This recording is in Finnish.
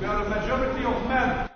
We are a majority of men.